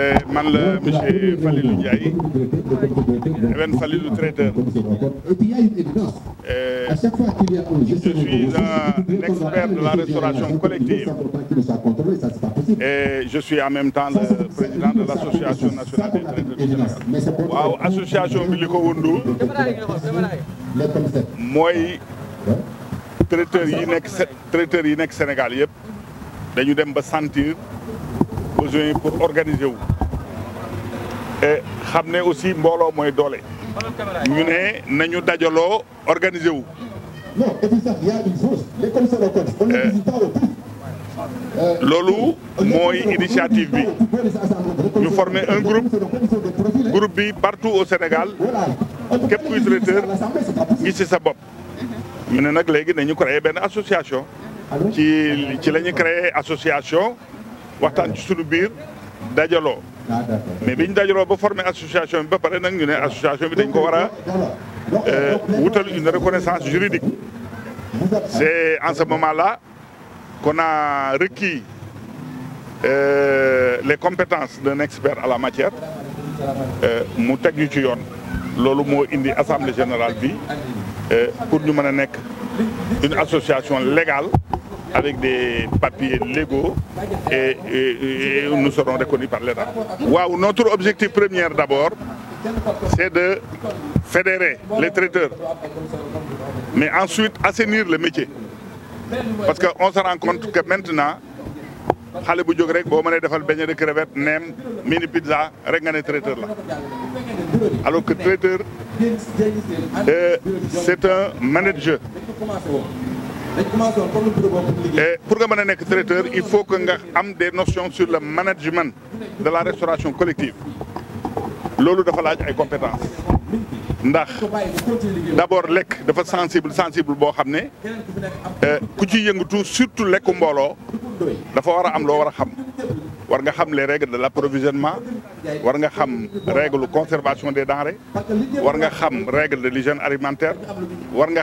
Euh, man la monsieur Falilou Ndiaye Ewen Falilou traiteur euh, je suis un expert de la restauration collective et je suis en même temps le président de l'association nationale des traiteurs du Sénégal waaw association bi li ko wundu mooy traiteurs yi nek traiteur yi nek Sénégal yëpp dañu dem ba sentir pour organiser et ramener aussi dolé ñu ne nañu organiser euh, euh, initiative bi former un groupe hein. groupe partout au Sénégal qui puisse ngi ci sa bob nous avons que association qui ah créé association waxtaan ci sunu biir dajaloo. Ah, mais biñ ñu dajaloo ba formé association bi ba pare nag ñu ne association bi dañ ko war a euh, wutal une reconnaissance juridique. c'est en ce moment-là qu'on a requis euh, les compétences d'un expert à la matière euh, mu teg ñu ci yoon. loolu moo indi assemblée générale bi euh, pour ñu mën a nekk une association légale avec des papiers légaux et, nous serons reconnus par l'État. notre objectif premier d'abord, c'est de fédérer les traiteurs, mais ensuite assainir le métier. Parce qu'on se rend compte que maintenant, mini pizza alors que traiteur euh, c'est un manager eh, pour que être traiteur, il faut que nga am des notions sur le management de la restauration collective. loolu dafa laaj ay compétences. ndax d'abord de dafa sensible sensible pour xam ne eh, ku ci surtout lekku mbooloo dafa war am loo war a xam les règles de l'approvisionnement war nga règles de conservation des denrées war nga xam règles de l'hygiène alimentaire war nga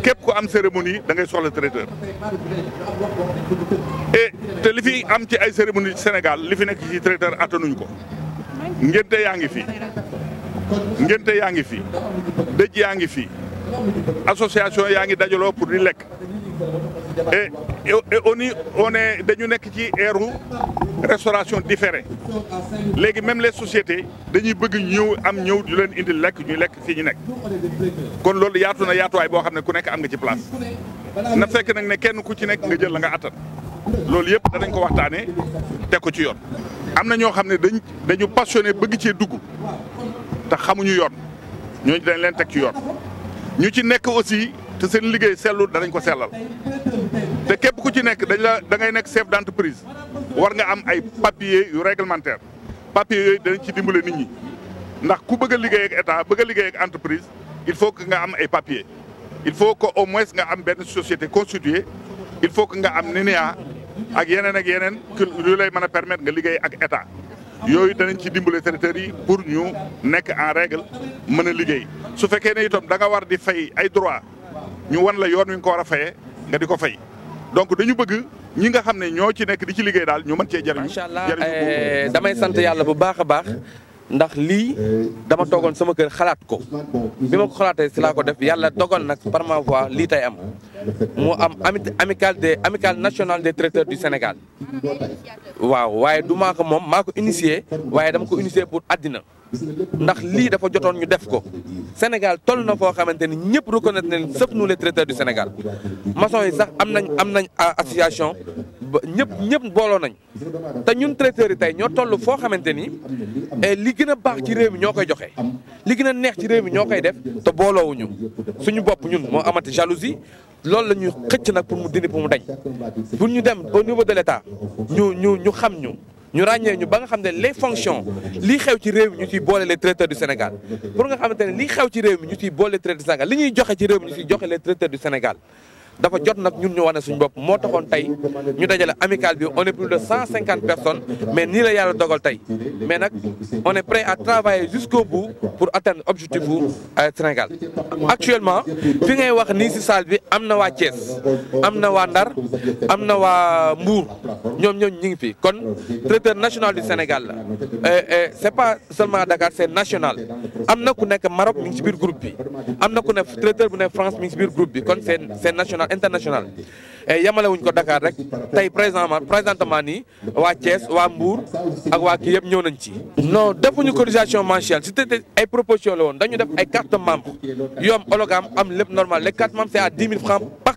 képp ku am cérémonie da ngay soxla traiteur et te li fi am ci ay cérémonie ci Sénégal li fi nekk ci traiteur attanuñ ko ngénte yaa ngi fi ngénte yaa ngi fi déj yaa ngi fi association yaa ngi dajaloo pour di lekk et oni on est dañu nekk ci eeru restauration différée léegi même les sociétés dañuy bëgg ñëw am ñëw di leen indi lekk ñu lekk fii ñu nekk kon loolu yaatu na yaatuwaay boo xam ku nekk am nga ci place na fekk nak ne kenn ku ci nek nga jël la nga attan loolu yëpp danañ ko waxtané té ko ci yoon amna ño xamné dañ dañu passionné bëgg ci dugg te xamuñu yoon ñoo dañ leen teg ci yoon ñu ci nek aussi te seen liggéey sellul danañ ko sellal te képp ku ci nekk dañ la da ngay nekk chef d'entreprise war nga am ay papier yu réglementaire papier yooyu dañ ci dimbale nit ñi ndax ku bëgg a liggéey ak état bëgg a liggéey ak entreprise il faut que nga am ay papier il faut que au moins nga am benn société constituée il faut que nga am NINEA ak yeneen ak yeneen lu lay mën a permettre nga liggéey ak état yooyu danañ ci dimbale traiteurs yi pour ñu nekk en règle mën a liggéey su fekkee ne itam da nga war di fay ay droit ñu wan la yoon wi nga ko war a fayee nga di ko fay donc dañu bëgg ñi nga xam ne ñoo ci nekk di ci liggéey daal ñu mën cee jariñu macha allah eh, damay sant yàlla bu baax a baax ndax lii dama toogoon sama kër xalaat ko bi ma ko xalaatee si laa ko def yàlla dogal nag par ma voix lii tey am mu am amit amicale des amicale nationale des traiteurs du Sénégal waaw waaye du maa ko moom maa ko initié waaye dama ko initié pour àddina ndax lii dafa jotoon ñu def ko Sénégal toll na foo xamante ni ñëpp reconnaître nañ sëf nous les traiteurs du Sénégal maçon yi sax am nañ am nañ association ba ñëpp ñëpp booloo nañ te ñun traiteurs yi tey ñoo toll foo xamante ni eh, li gën a baax ci réew mi ñoo koy joxe li gën a neex ci réew mi ñoo koy def te booloowuñu suñu bopp ñun moo amati jalousie loolu la ñuy xëcc nag pour mu dindi pour mu dañ pour ñu dem au niveau de l'état ñu ñu ñu xam ñu. Nous avons les fonctions les traiteurs du Sénégal pour les du Sénégal les traiteurs du Sénégal dafa jot nak ñun ñu wone suñu bopp mo taxone tay ñu dajale amical bi on est plus de 150 personnes mais ni la yalla dogal tay mais nak on est prêt à travailler jusqu'au bout pour atteindre objectif bu euh, Sénégal actuellement fi ngay wax ni ci salle bi amna wa waa Thiès am na waa Ndar am na waa Mbour ñoom ñoom ñu ngi fi kon traiteur national du Sénégal euh euh c'est pas seulement Dakar c'est national amna ku nek Maroc mi ngi si biir groupe bi amna ku nek traiteur bu nek France mi ngi si biir groupe bi kon c'est c'est national international eh, yamale wuñ ko Dakar rek tay présentement présentement ni wa Thiès wa Mbour ak wa ki yeb ñew nañ ci. non defuñu cotisation mensuelle c'était ay proposition la won dañu def ay carte membre yom hologramme am lépp normal les carte membres c'est à 10 000 francs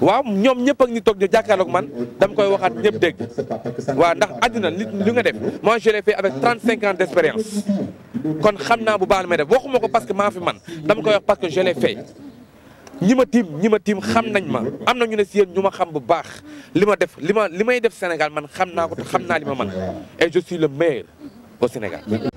wa ñoom ñëpp ak ñu toog ñu jàkkaarloog man dama koy waxaat ñëpp dégg waaw ndax àddina nit li nga def moi je l'ai fait avec 35 ans d'expérience expérience kon xam naa bu baax me may def waxuma ko parce que maa fi man dama koy wax parce que je l'ai fait ñi ma tiim ñi ma tiim xam nañ ma am na ñu ne si yéen ñu xam bu baax li def li ma def Sénégal man xam naa ko te xam naa man et je suis le meilleur au Sénégal